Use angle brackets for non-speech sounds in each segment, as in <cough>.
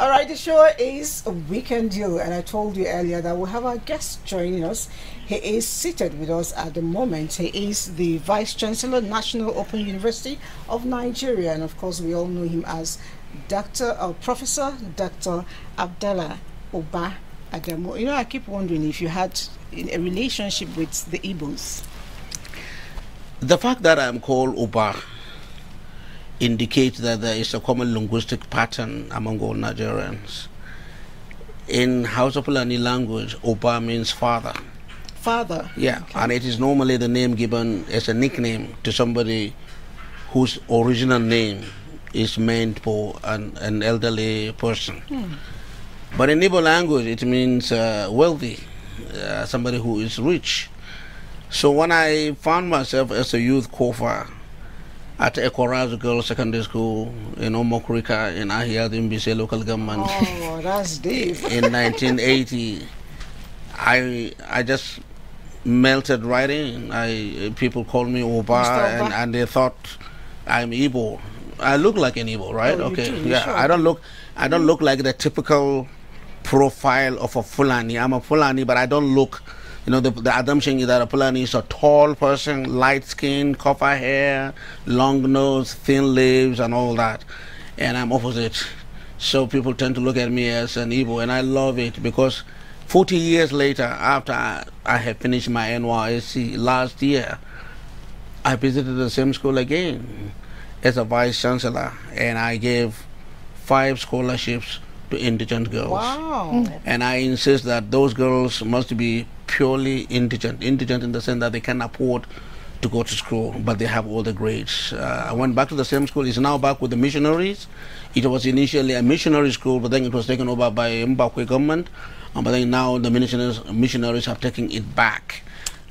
All right, the show is Weekend You, and I told you earlier that we have our guest joining us. He is seated with us at the moment. He is the Vice Chancellor, National Open University of Nigeria, and of course, we all know him as Dr. Uh, Professor Dr. Abdallah Oba Adamu. You know, I keep wondering if you had a relationship with the Igbos. The fact that I'm called Oba indicate that there is a common linguistic pattern among all Nigerians. In Hausa Fulani language, Oba means father. Father? Yeah, okay. and it is normally the name given as a nickname to somebody whose original name is meant for an, an elderly person. Hmm. But in Igbo language, it means uh, wealthy, uh, somebody who is rich. So when I found myself as a youth kofa, at Ekoraz Girls Secondary School in Omokrika in Ahia, the MBC local government. Oh, that's deep. <laughs> in 1980, I I just melted right in. I people called me Oba, and, and, they thought I'm Igbo. I look like an Igbo, right? Oh, okay, yeah. Sure. I don't look I don't look like the typical profile of a Fulani. I'm a Fulani, but I don't look you know, the, the assumption is that a Fulani is a tall person, light skin, copper hair, long nose, thin lips, and all that. And I'm opposite. So people tend to look at me as an evil. and I love it because 40 years later, after I, I had finished my NYSC last year, I visited the same school again as a vice chancellor, and I gave five scholarships to indigent girls. Wow. And I insist that those girls must be purely indigent, indigent in the sense that they can afford to go to school, but they have all the grades. Uh, I went back to the same school. It's now back with the missionaries. It was initially a missionary school, but then it was taken over by Mbakwe government. Um, but then now the missionaries, missionaries are taking it back.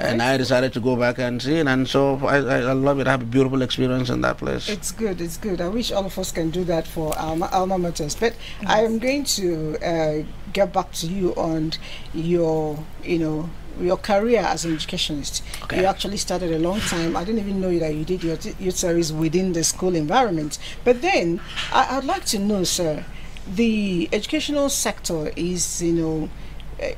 And I decided to go back and see it, and so I, I, love it. I have a beautiful experience in that place. It's good, it's good. I wish all of us can do that for our alma maters. But yes. I am going to uh, get back to you on your, you know, your career as an educationist. Okay. You actually started a long time. I didn't even know that you did your your service within the school environment. But then, I, I'd like to know, sir, the educational sector is, you know, uh,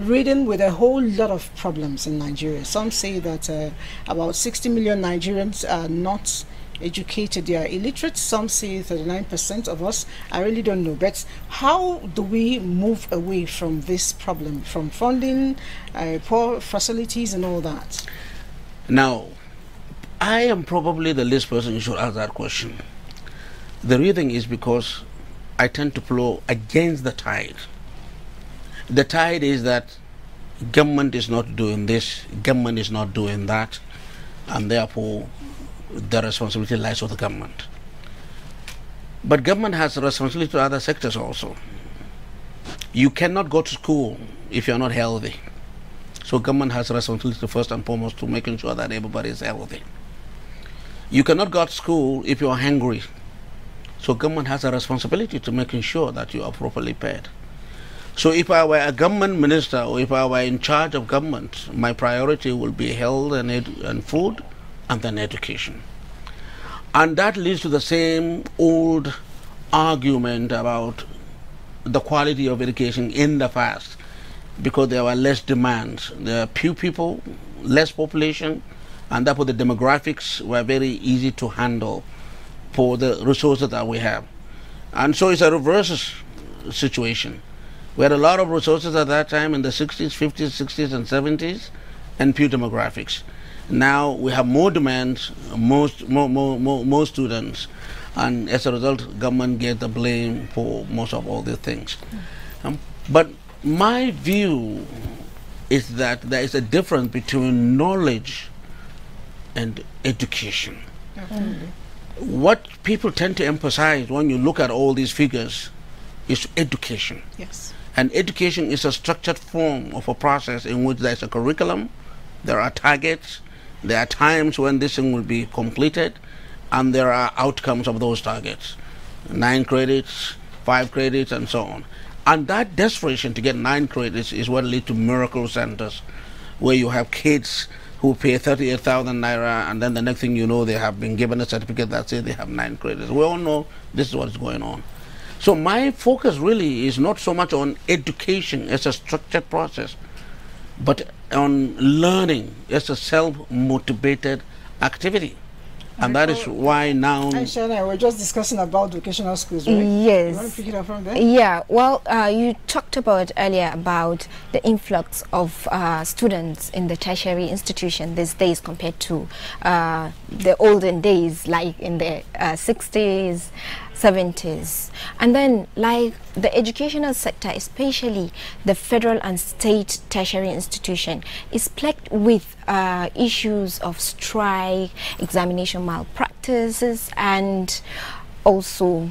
reading with a whole lot of problems in Nigeria. Some say that uh, about 60 million Nigerians are not educated, they are illiterate. Some say 39% of us. I really don't know. But how do we move away from this problem, from funding, uh, poor facilities, and all that? Now, I am probably the least person who should ask that question. The reason is because I tend to flow against the tide the tide is that government is not doing this, government is not doing that, and therefore the responsibility lies with the government. But government has responsibility to other sectors also. You cannot go to school if you're not healthy. So government has responsibility first and foremost to making sure that everybody is healthy. You cannot go to school if you are hungry. So government has a responsibility to making sure that you are properly paid. So if I were a government minister or if I were in charge of government, my priority will be health and, and food and then education. And that leads to the same old argument about the quality of education in the past because there were less demands. There were few people, less population, and therefore the demographics were very easy to handle for the resources that we have. And so it's a reverse situation. We had a lot of resources at that time in the 60s, 50s, 60s, and 70s, and few demographics. Now we have more demand, most, more, more, more, more students, and as a result, government gets the blame for most of all these things. Um, but my view is that there is a difference between knowledge and education. Mm-hmm. What people tend to emphasize when you look at all these figures is education. Yes. And education is a structured form of a process in which there's a curriculum, there are targets, there are times when this thing will be completed, and there are outcomes of those targets. Nine credits, five credits, and so on. And that desperation to get nine credits is what leads to miracle centers, where you have kids who pay 38,000 naira, and then the next thing you know, they have been given a certificate that says they have nine credits. We all know this is what's going on. So my focus really is not so much on education as a structured process, but on learning as a self-motivated activity. And that is why now. Hi, Shana, we're just discussing about vocational schools, right? Yes. You want to pick it up from there? Yeah. Well, uh, you talked about earlier about the influx of uh, students in the tertiary institution these days compared to uh, the olden days, like in the 60s. Uh, 70s. And then, like the educational sector, especially the federal and state tertiary institution, is plagued with uh, issues of strike, examination malpractices, and also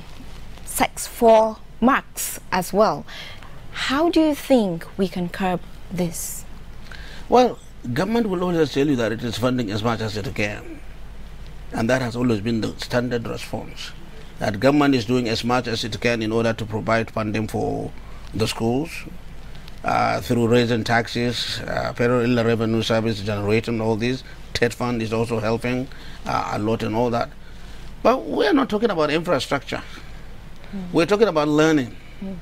sex for marks as well. How do you think we can curb this? Well, government will always tell you that it is funding as much as it can. And that has always been the standard response that government is doing as much as it can in order to provide funding for the schools uh, through raising taxes, uh, federal revenue service generating all this. TED fund is also helping uh, a lot and all that. But we're not talking about infrastructure. Mm. We're talking about learning. Mm.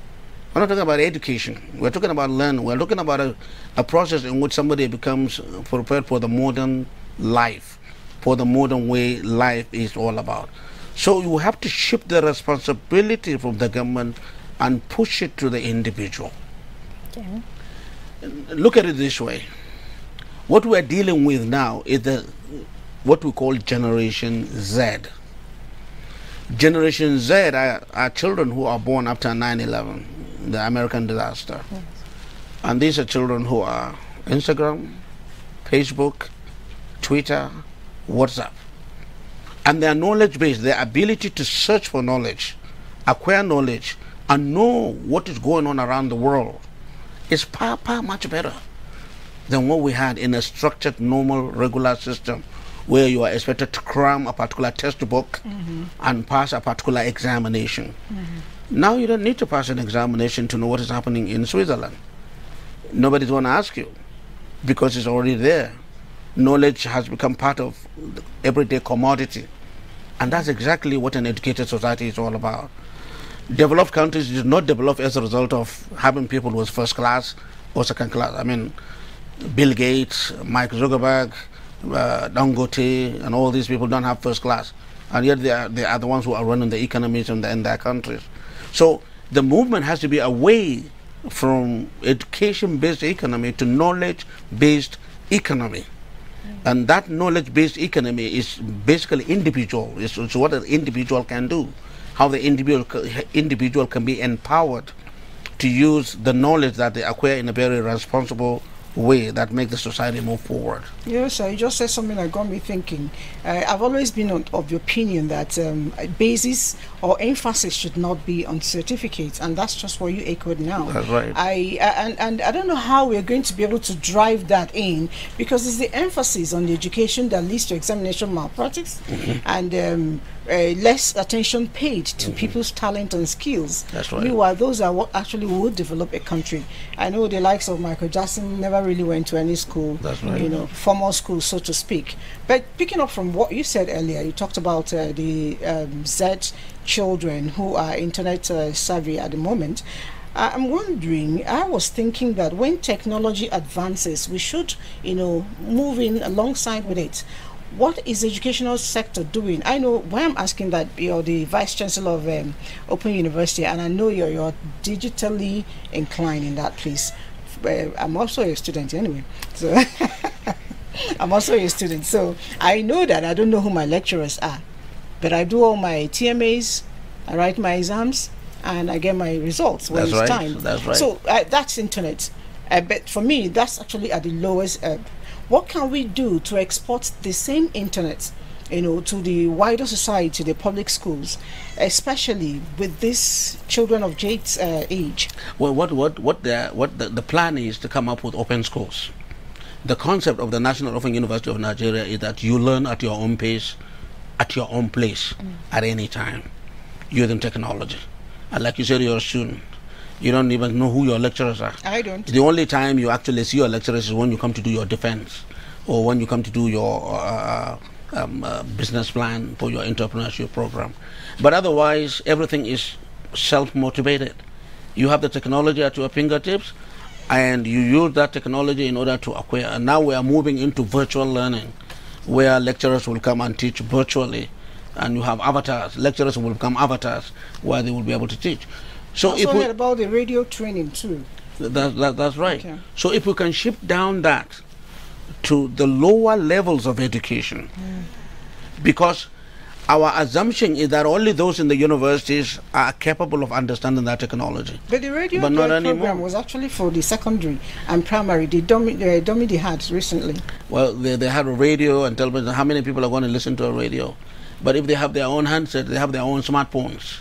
We're not talking about education. We're talking about learning. We're talking about a, a process in which somebody becomes prepared for the modern life, for the modern way life is all about. So you have to shift the responsibility from the government and push it to the individual. Okay. Look at it this way. What we are dealing with now is the what we call Generation Z. Generation Z are, are children who are born after 9-11, the American disaster. Yes. And these are children who are Instagram, Facebook, Twitter, WhatsApp and their knowledge base, their ability to search for knowledge, acquire knowledge, and know what is going on around the world is far, far much better than what we had in a structured, normal, regular system where you are expected to cram a particular textbook mm -hmm. and pass a particular examination. Mm -hmm. Now you don't need to pass an examination to know what is happening in Switzerland. Nobody's going to ask you because it's already there. Knowledge has become part of everyday commodity and that's exactly what an educated society is all about. Developed countries did not develop as a result of having people who was first class or second class. I mean, Bill Gates, Mike Zuckerberg, uh, Dangote, and all these people don't have first class. And yet they are, they are the ones who are running the economies in, the, in their countries. So the movement has to be away from education-based economy to knowledge-based economy. And that knowledge-based economy is basically individual. It's, it's what an individual can do, how the individual individual can be empowered to use the knowledge that they acquire in a very responsible way that make the society move forward. Yes, You just said something that got me thinking. Uh, I've always been on, of the opinion that um, basis or emphasis should not be on certificates, and that's just what you echoed now. That's right. I, and, and I don't know how we're going to be able to drive that in because it's the emphasis on the education that leads to examination malpractice mm-hmm. and um, uh, less attention paid to mm-hmm. people's talent and skills. That's right. Meanwhile, those are what actually would develop a country. I know the likes of Michael Jackson never really went to any school, That's right. you know, formal school, so to speak. But picking up from what you said earlier, you talked about uh, the um, Z children who are internet uh, savvy at the moment. I'm wondering, I was thinking that when technology advances, we should, you know, move in alongside with it. What is the educational sector doing? I know why I'm asking that you're the vice chancellor of um, Open University, and I know you're, you're digitally inclined in that place. I'm also a student anyway. So <laughs> I'm also a student. So I know that I don't know who my lecturers are, but I do all my TMAs, I write my exams, and I get my results when that's it's right. time. That's right. So uh, that's internet. Uh, but for me, that's actually at the lowest ebb. What can we do to export the same internet you know, to the wider society, the public schools, especially with these children of Jade's uh, age? Well, what what what the what the, the plan is to come up with open schools. The concept of the National Open University of Nigeria is that you learn at your own pace, at your own place, mm. at any time, using technology. And like you said, you're a student. You don't even know who your lecturers are. I don't. The only time you actually see your lecturers is when you come to do your defense or when you come to do your uh, uh um, uh, business plan, for your entrepreneurship program. But otherwise, everything is self-motivated. You have the technology at your fingertips, and you use that technology in order to acquire. And now we are moving into virtual learning, where lecturers will come and teach virtually, and you have avatars. Lecturers will become avatars where they will be able to teach. So also if we, about the radio training too. That, that that's right. Okay. So if we can shift down that to the lower levels of education. Mm. Because our assumption is that only those in the universities are capable of understanding that technology. But the radio but not program anymore. was actually for the secondary and primary. The dummy, the dummy they had recently. Well, they, they had a radio and television. How many people are going to listen to a radio? But if they have their own handset, they have their own smartphones,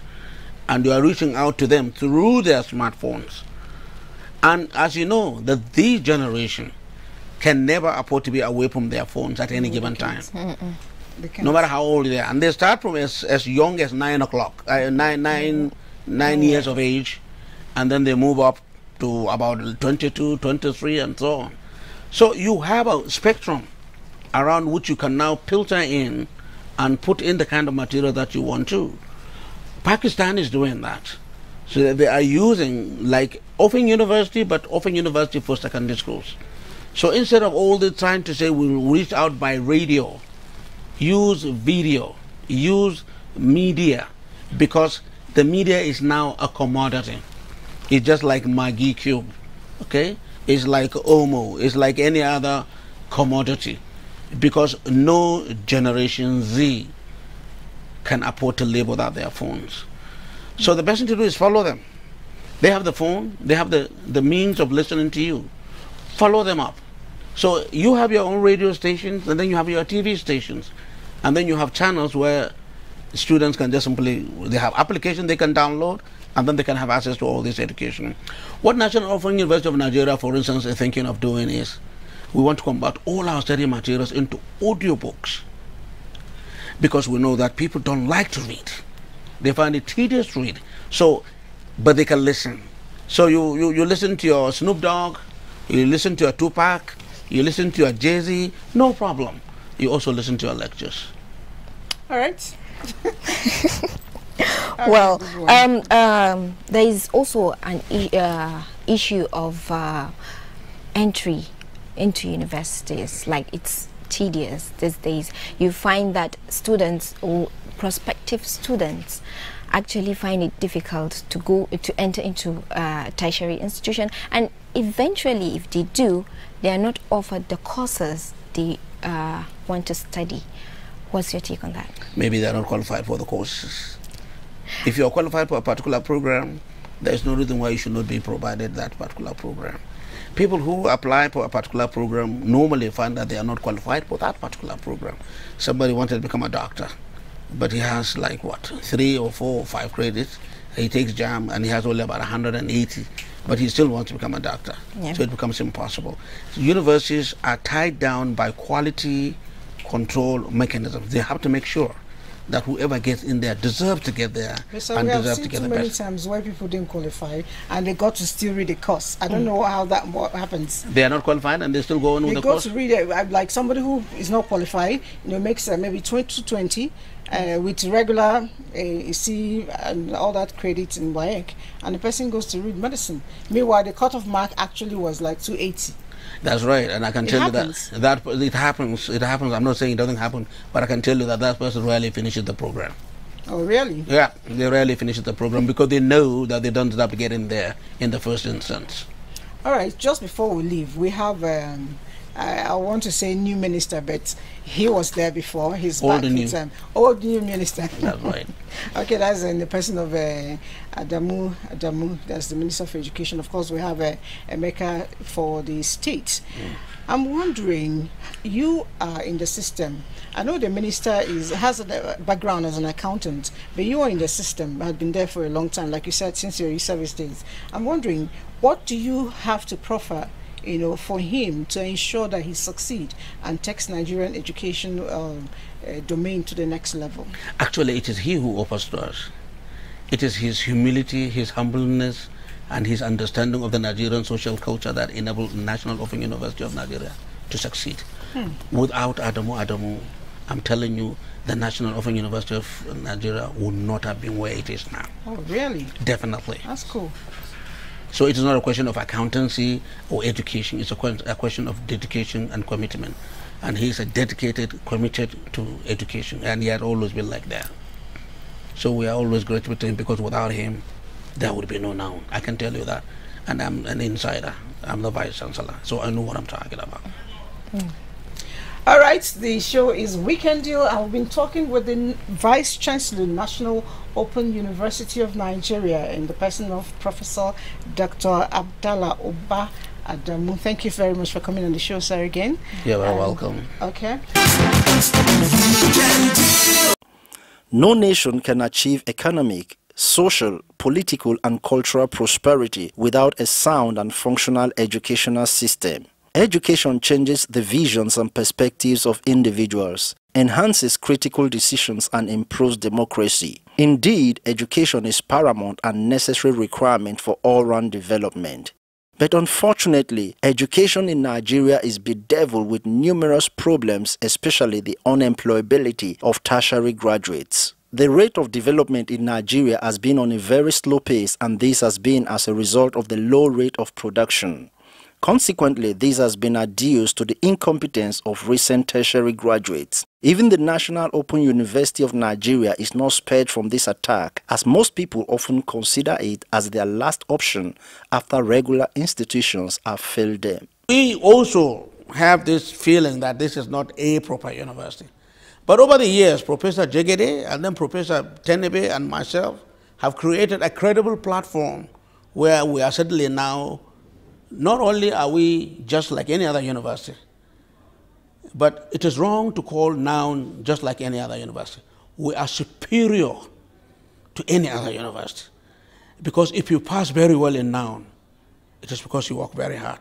and you are reaching out to them through their smartphones. And as you know, that these generation can never afford to be away from their phones at any mm -hmm. given time. Mm, mm, mm. No matter how old they are, and they start from as, as young as nine o'clock, uh, nine, nine, nine years of age, and then they move up to about 22, 23, and so on. So you have a spectrum around which you can now filter in and put in the kind of material that you want to. Pakistan is doing that. So they are using like Open University, but Open University for secondary schools. So instead of all the time to say we'll reach out by radio, use video, use media, because the media is now a commodity. It's just like Maggie Cube, okay? It's like Omo, it's like any other commodity, because no Generation Z can afford to live without their phones. So the best thing to do is follow them. They have the phone, they have the, the means of listening to you. Follow them up so you have your own radio stations, and then you have your TV stations, and then you have channels where students can just simply they have application they can download, and then they can have access to all this education. What National Offering University of Nigeria, for instance, is thinking of doing is we want to convert all our study materials into audiobooks because we know that people don't like to read. They find it tedious to read. So, but they can listen. So you, you, you listen to your Snoop Dogg, you listen to your Tupac, you listen to your Jay Z, no problem. You also listen to your lectures. All right. <laughs> All well, right, um, um, there is also an uh, issue of uh, entry into universities. Like it's tedious these days. You find that students, or prospective students, actually find it difficult to go to enter into a tertiary institution and eventually if they do they are not offered the courses they uh, want to study what's your take on that maybe they're not qualified for the courses if you're qualified for a particular program there's no reason why you should not be provided that particular program people who apply for a particular program normally find that they are not qualified for that particular program somebody wanted to become a doctor but he has like what three or four or five credits. He takes JAM and he has only about 180, but he still wants to become a doctor. Yeah. So it becomes impossible. So universities are tied down by quality control mechanisms. They have to make sure that whoever gets in there deserves to get there so and deserves to get the best. many times where people didn't qualify and they got to still read the course. I don't mm. know how that what happens. They are not qualified and they still go on they with the course. They go to read it. Uh, like somebody who is not qualified, you know, makes uh, maybe 20 to 20 uh, with regular uh, C and all that credit in WAEC, and the person goes to read medicine. Meanwhile, the cutoff mark actually was like 280. That's right, and I can it tell happens. you that that it happens. It happens. I'm not saying it doesn't happen, but I can tell you that that person rarely finishes the program. Oh, really? Yeah, they rarely finish the program because they know that they don't end up getting there in the first instance. All right, just before we leave, we have um, I, I, want to say new minister, but he was there before. He's old back new. time. Old new minister. That's right. <laughs> okay, that's uh, in the person of uh, Adamu. Adamu, that's the minister for education. Of course, we have uh, a maker for the state. Mm. I'm wondering, you are in the system. I know the minister is has a background as an accountant, but you are in the system. Had been there for a long time, like you said, since your service days. I'm wondering, what do you have to proffer? you know, for him to ensure that he succeed and takes Nigerian education um, uh, domain to the next level? Actually, it is he who offers to us. It is his humility, his humbleness, and his understanding of the Nigerian social culture that enabled National Open University of Nigeria to succeed. Hmm. Without Adamu Adamu, I'm telling you, the National Open University of Nigeria would not have been where it is now. Oh, really? Definitely. That's cool. So it is not a question of accountancy or education. It's a, a question of dedication and commitment. And he's a dedicated, committed to education. And he had always been like that. So we are always grateful to him because without him, there would be no now. I can tell you that. And I'm an insider. I'm the vice chancellor. So I know what I'm talking about. Mm. All right, the show is Weekend Deal. I've been talking with the Vice Chancellor, National Open University of Nigeria, in the person of Professor Dr. Abdallah Oba Adamu. Thank you very much for coming on the show, sir, again. You're very um, welcome. Okay. No nation can achieve economic, social, political, and cultural prosperity without a sound and functional educational system. Education changes the visions and perspectives of individuals, enhances critical decisions and improves democracy. Indeed, education is paramount and necessary requirement for all-round development. But unfortunately, education in Nigeria is bedeviled with numerous problems, especially the unemployability of tertiary graduates. The rate of development in Nigeria has been on a very slow pace and this has been as a result of the low rate of production. Consequently, this has been adduced to the incompetence of recent tertiary graduates. Even the National Open University of Nigeria is not spared from this attack, as most people often consider it as their last option after regular institutions have failed them. We also have this feeling that this is not a proper university. But over the years, Professor Jegede and then Professor Tenebe and myself have created a credible platform where we are certainly now not only are we just like any other university, but it is wrong to call Noun just like any other university. We are superior to any other university. Because if you pass very well in Noun, it is because you work very hard.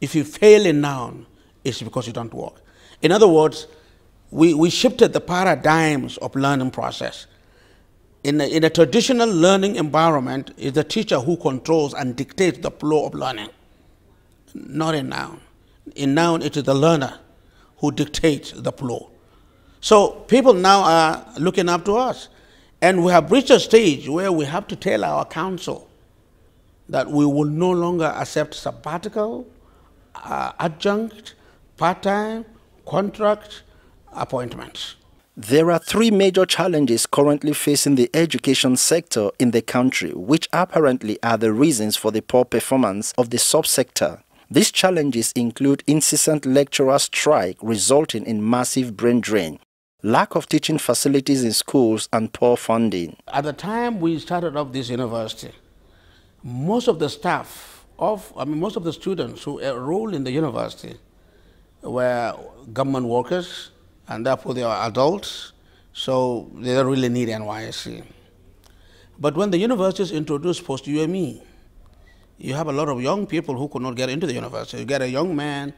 If you fail in Noun, it's because you don't work. In other words, we, we shifted the paradigms of learning process. In a, in a traditional learning environment, it's the teacher who controls and dictates the flow of learning not a noun. In noun, it is the learner who dictates the flow. So people now are looking up to us. And we have reached a stage where we have to tell our council that we will no longer accept sabbatical, uh, adjunct, part time, contract, appointments. There are three major challenges currently facing the education sector in the country, which apparently are the reasons for the poor performance of the subsector. These challenges include incessant lecturer strike resulting in massive brain drain, lack of teaching facilities in schools and poor funding. At the time we started up this university, most of the staff of, I mean, most of the students who enrolled in the university were government workers and therefore they are adults, so they don't really need NYSC. But when the universities introduced post-UME, you have a lot of young people who could not get into the university. You get a young man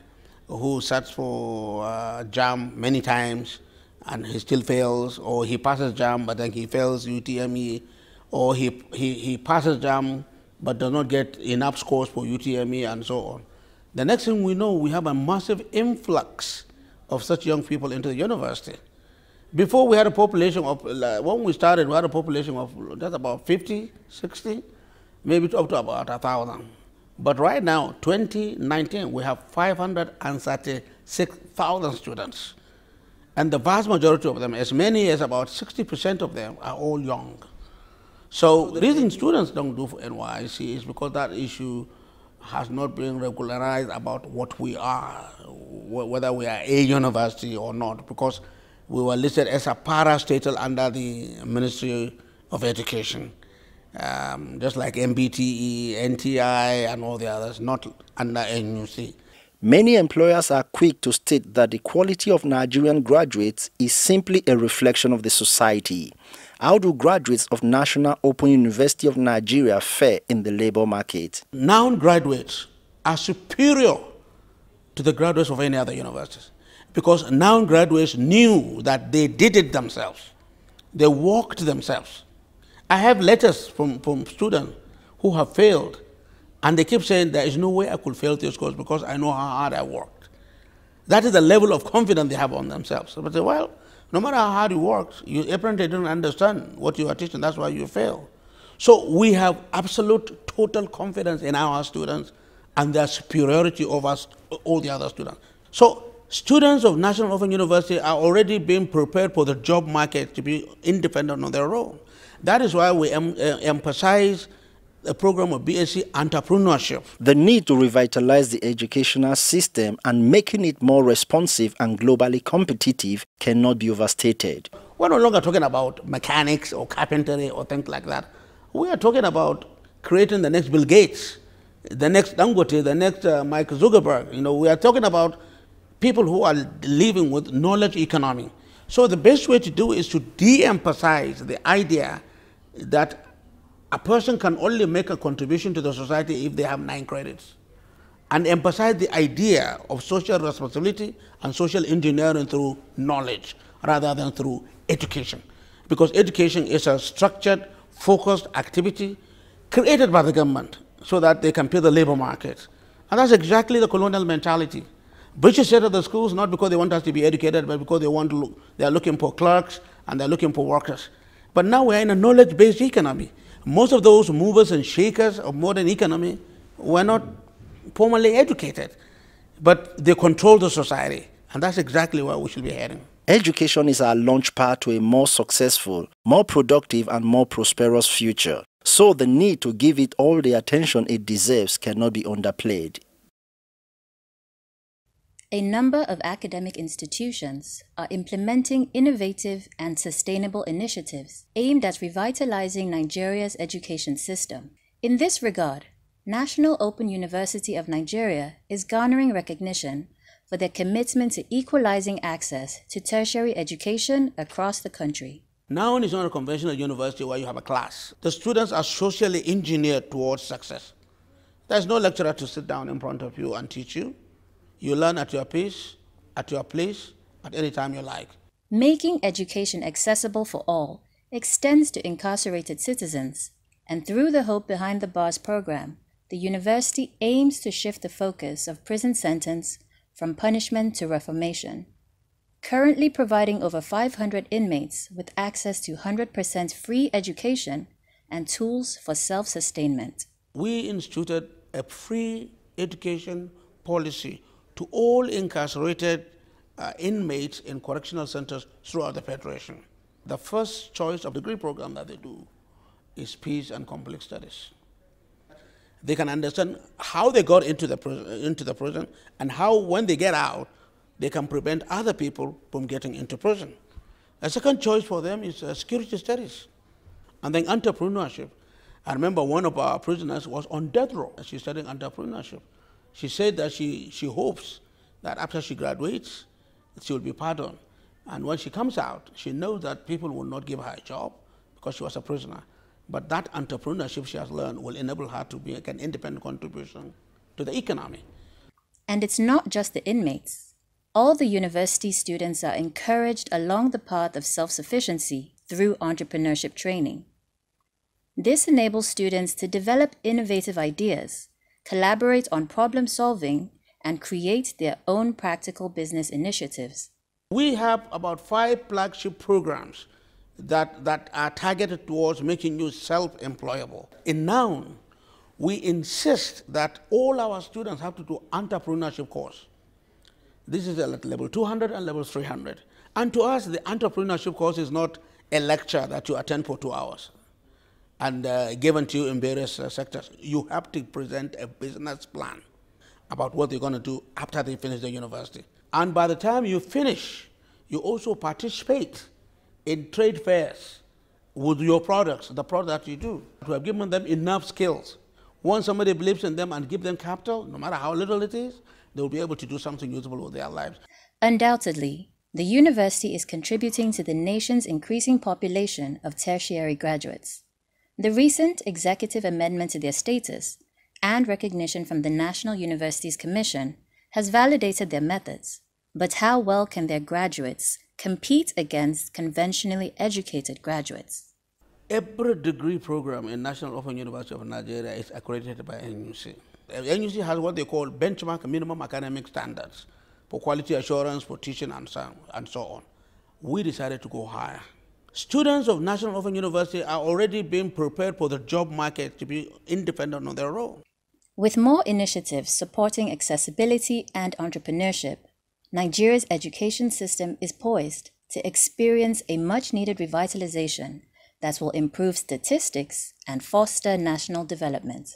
who sets for uh, JAM many times and he still fails, or he passes JAM but then he fails UTME, or he, he, he passes JAM but does not get enough scores for UTME and so on. The next thing we know, we have a massive influx of such young people into the university. Before we had a population of, when we started, we had a population of just about 50, 60, maybe up to about a thousand. But right now, 2019, we have 536,000 students. And the vast majority of them, as many as about 60% of them, are all young. So the reason students don't do for NYC is because that issue has not been regularized about what we are, whether we are a university or not, because we were listed as a parastatal under the Ministry of Education um, just like MBTE, NTI, and all the others, not under NUC. Many employers are quick to state that the quality of Nigerian graduates is simply a reflection of the society. How do graduates of National Open University of Nigeria fare in the labor market? NOUN graduates are superior to the graduates of any other universities because NOUN graduates knew that they did it themselves. They walked themselves. I have letters from, from students who have failed, and they keep saying, There is no way I could fail this course because I know how hard I worked. That is the level of confidence they have on themselves. But say, Well, no matter how hard you worked, you apparently didn't understand what you are teaching, that's why you fail. So we have absolute total confidence in our students and their superiority over all the other students. So students of National Open University are already being prepared for the job market to be independent on their own. That is why we em eh, emphasize the program of BSc entrepreneurship. The need to revitalize the educational system and making it more responsive and globally competitive cannot be overstated. We're no longer talking about mechanics or carpentry or things like that. We are talking about creating the next Bill Gates, the next Dangote, the next uh, Mike Zuckerberg. You know, we are talking about people who are living with knowledge economy. So the best way to do is to de-emphasize the idea that a person can only make a contribution to the society if they have nine credits and emphasize the idea of social responsibility and social engineering through knowledge rather than through education. Because education is a structured, focused activity created by the government so that they can pay the labor market. And that's exactly the colonial mentality. British set up the schools not because they want us to be educated, but because they want to look, they are looking for clerks and they're looking for workers. But now we're in a knowledge-based economy. Most of those movers and shakers of modern economy were not formally educated, but they control the society. And that's exactly where we should be heading. Education is our launch pad to a more successful, more productive, and more prosperous future. So the need to give it all the attention it deserves cannot be underplayed a number of academic institutions are implementing innovative and sustainable initiatives aimed at revitalizing Nigeria's education system. In this regard, National Open University of Nigeria is garnering recognition for their commitment to equalizing access to tertiary education across the country. Now it's not a conventional university where you have a class. The students are socially engineered towards success. There's no lecturer to sit down in front of you and teach you. You learn at your pace, at your place, at any time you like. Making education accessible for all extends to incarcerated citizens, and through the Hope Behind the Bars program, the university aims to shift the focus of prison sentence from punishment to reformation. Currently providing over 500 inmates with access to 100% free education and tools for self sustainment. We instituted a free education policy to all incarcerated uh, inmates in correctional centers throughout the Federation. The first choice of degree program that they do is peace and conflict studies. They can understand how they got into the, into the prison and how, when they get out, they can prevent other people from getting into prison. A second choice for them is uh, security studies and then entrepreneurship. I remember one of our prisoners was on death row. She's studying entrepreneurship she said that she, she hopes that after she graduates, she will be pardoned. And when she comes out, she knows that people will not give her a job because she was a prisoner. But that entrepreneurship she has learned will enable her to make an independent contribution to the economy. And it's not just the inmates. All the university students are encouraged along the path of self sufficiency through entrepreneurship training. This enables students to develop innovative ideas collaborate on problem solving, and create their own practical business initiatives. We have about five flagship programs that, that are targeted towards making you self-employable. In Noun, we insist that all our students have to do entrepreneurship course. This is at level 200 and level 300. And to us, the entrepreneurship course is not a lecture that you attend for two hours and uh, given to you in various uh, sectors, you have to present a business plan about what you're going to do after they finish the university. And by the time you finish, you also participate in trade fairs with your products, the product you do. To have given them enough skills. Once somebody believes in them and give them capital, no matter how little it is, they will be able to do something useful with their lives. Undoubtedly, the university is contributing to the nation's increasing population of tertiary graduates. The recent executive amendment to their status and recognition from the National Universities Commission has validated their methods, but how well can their graduates compete against conventionally educated graduates? Every degree program in National Open University of Nigeria is accredited by NUC. Uh, NUC has what they call benchmark minimum academic standards for quality assurance, for teaching, and so, and so on. We decided to go higher students of National Open University are already being prepared for the job market to be independent on their own. With more initiatives supporting accessibility and entrepreneurship, Nigeria's education system is poised to experience a much needed revitalization that will improve statistics and foster national development.